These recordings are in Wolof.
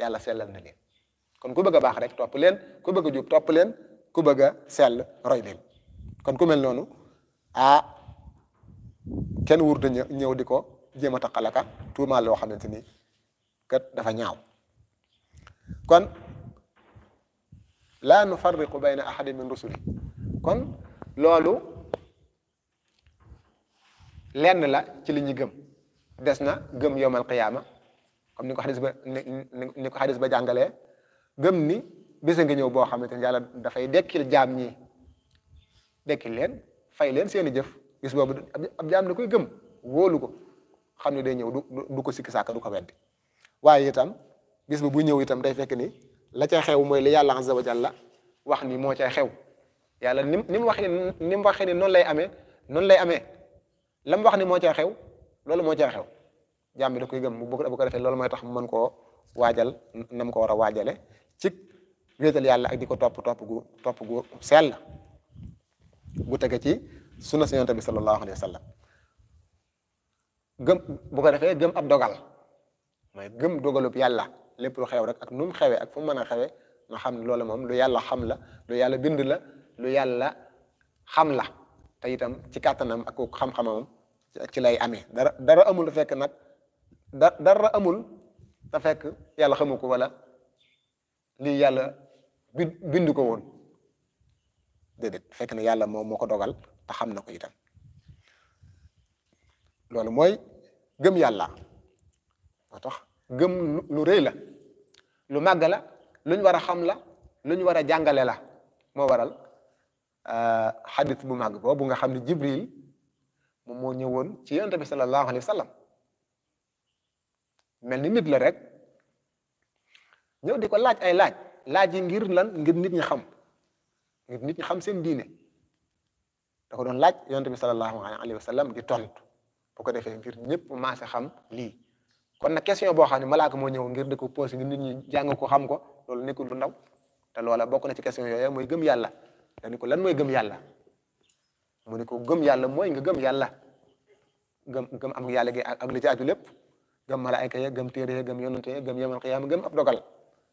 yàlla sellal na leen kon ku bëgg baax rek topp leen ku bëgg a topp leen ku bëgg a sell roy leen kon ku mel noonu ah kenn wurta ñëw di ko jéem a taqalaka tuumaal loo xamante ni kat dafa ñaaw kon laa nufarriqu bayna ahadin min rusuli kon loolu lenn la ci li ñu gëm des na gëm yowmal qiyaama comme ni ko xadis ba ni ko xadis ba jàngalee gëm ni bis nga ñëw bo xamante ni yàlla fay dekkil jaam ñi dekkil leen fay leen seen jëf gis bobu am jaam da koy gëm wolu ko xam day ñëw du ko sikki saka du ko weddi waye itam bis bu ñëw itam day fekk ni la ca xew moy li yàlla xaza wa jalla wax ni mo ca xew yàlla nim ni mu waxee ni mu waxee ni noonu lay amé non lay amé lam wax ni mo ca xew lolu mo ca xew jambi da koy gem bu ko bu ko defé lolou moy tax man ko wadjal nam ko wara wadjalé ci wétal yalla ak diko ko top gu top gu sel gu tege ci sunna si bi sallallahu alaihi wasallam gem bu ko defé gem ab dogal mooy gem dogalup yalla lepp lu xew rek ak num xewé ak fu meuna xewé nga xam lolou mom lu yalla xam la lu yalla bind la lu yalla xam la te itam ci katanam ak xam-xamam ci lay amé dara dara amul fekk nak dara amul ta fekk yàlla xamu ko wala li yàlla bindu ko woon dedet fekk na yàlla moom moo ko dogal te xam na ko itam loolu mooy gëm yàlla moo tax gëm lu rëy la lu màgg la luñ war a xam la luñ war a jàngale la moo waral xadis bu màgg boobu nga xam ne jibril moom moo ñëwoon ci yonent bi sallallahu alayhi wa sallam mel ni nit la rek ñëw di ko laaj ay laaj laaj yi ngir lan ngir nit ñi xam ngir nit ñi xam seen diine da ko doon laaj yonent bi sallallahu alayhi wa sallam di tontu bu ko defee ngir ñëpp maase xam lii kon na question boo xam ne malaaka moo ñëw ngir di ko posé ngir nit ñi jàng ko xam ko loolu nekkul lu ndaw te loola bokk na ci question yooyu mooy gëm yàlla dañu ko lan mooy gëm yàlla mu ne ko gëm yàlla mooy nga gëm yàlla gëm am yàlla gi ak li ci lépp gam malaika ya gam tere ya gam yonante ya gam yamal qiyam gam ab dogal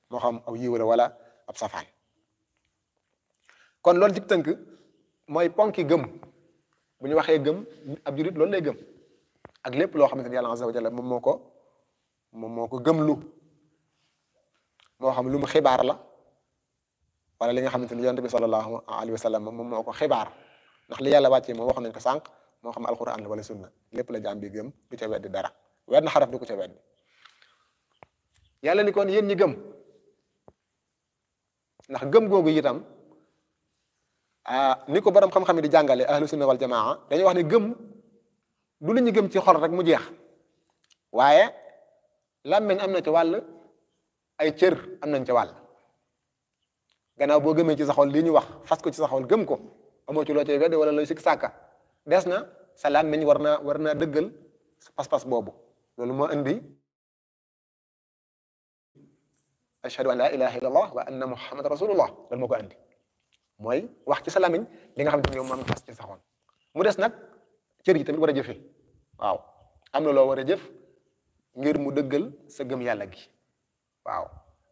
mo xam aw yiw wala ab safaan kon lol cib teunk moy ponki gëm bu waxe waxee gëm ab jurit lol lay gëm ak lépp lo xamanteni yàlla azza wa jalla mom moko mom moko moo gëm lu mo xam lu mu xibar la wala li nga xamanteni yalla nabi sallallahu alaihi wasallam mom moko xibar ndax li yàlla wacce mo wax nañ ko sank mo xam alquran wala sunna lépp la jaam bi gëm du ca wedd dara wenn xaraf du ko ca wedd yàlla ni kon yen ñi gëm ndax gëm googu itam ah ni ko borom xam-xam di jàngale ahlu na wal jamaa dañuy wax ne gëm du lu ñu gëm ci xol rek mu jeex waaye làmmiñ am na ci wàll ay cër am nañ ci wàll gannaaw boo gëmee ci saxool lii ñu wax fas ko ci sa xol gëm ko amoo ci loo cay wedd wala looy sikk sàkka des na sa làmmiñ war naa war naa dëggal pas-pas boobu loolu moo indi ashhadu an la ilaha illallah wa anna muhammad rasulullah loolu moo ko indi mooy wax ci sa lamiñ li nga xam ne moom fas ci saxoon mu des nag cër yi tamit war a jëfe waaw am na loo war a jëf ngir mu dëggal sa gëm yàlla gi waaw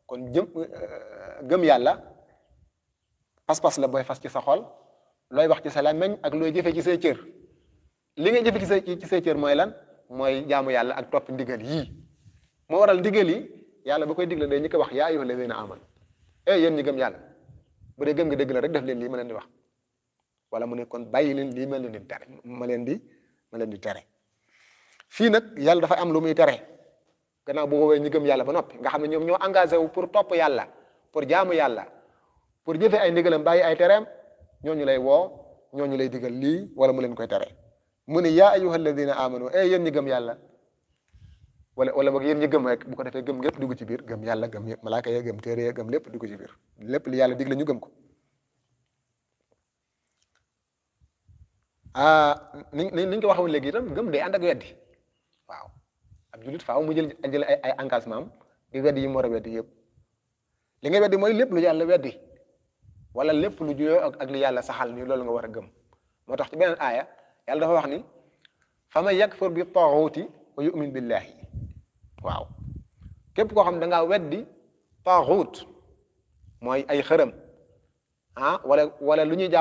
kon jëm gëm yàlla pas-pas la booy fas ci sa xol looy wax ci sa làmmeñ ak looy jëfee ci say cër li ngay jëfe ci say ci say cër mooy lan mooy jaamu yàlla ak topp ndigal yii moo waral ndigal yi yàlla ba koy digle day ñi ko wax yaa yoo lazina aamanu eh yéen ñi gëm yàlla bu dee gëm nga dëgg la rek def leen lii ma leen di wax wala mu nekkoon kon leen lii ma leen di tere ma leen di ma leen di tere fii nag yàlla dafa am lu muy tere gannaaw bu woowee ñi gëm yàlla ba noppi nga xam ne ñoom ñoo engagé wu pour topp yàlla pour jaamu yàlla pour jëfee ay ndigalam bàyyi ay tereem ñu lay woo ñoo ñu lay digal lii wala mu leen koy tere mu ne yaa ayyuha alladina amanu e yéen ñi gëm yàlla wala wala boog yéen ñi gëm rek bu ko defee gëm lépp dugg ci biir gëm yàlla gëm yëpp malaaka ya gëm téere ya gëm lépp dugg ci biir lépp li yàlla digle ñu gëm ko ah ni ni ñu ko waxoon léegi itam gëm day ànd ak weddi waaw ab julit faaw mu jël jël ay ay engagement am di weddi yi mu war a weddi yëpp li nga weddi mooy lépp lu yàlla weddi wala lépp lu juyoo ak li yàlla saxal ni loolu nga war a gëm moo tax ci beneen aaya يالا دافا واخني فما يكفر بالطاغوت ويؤمن بالله واو كيب كو خام داغا ودي طاغوت موي اي خرم ها ولا ولا لوني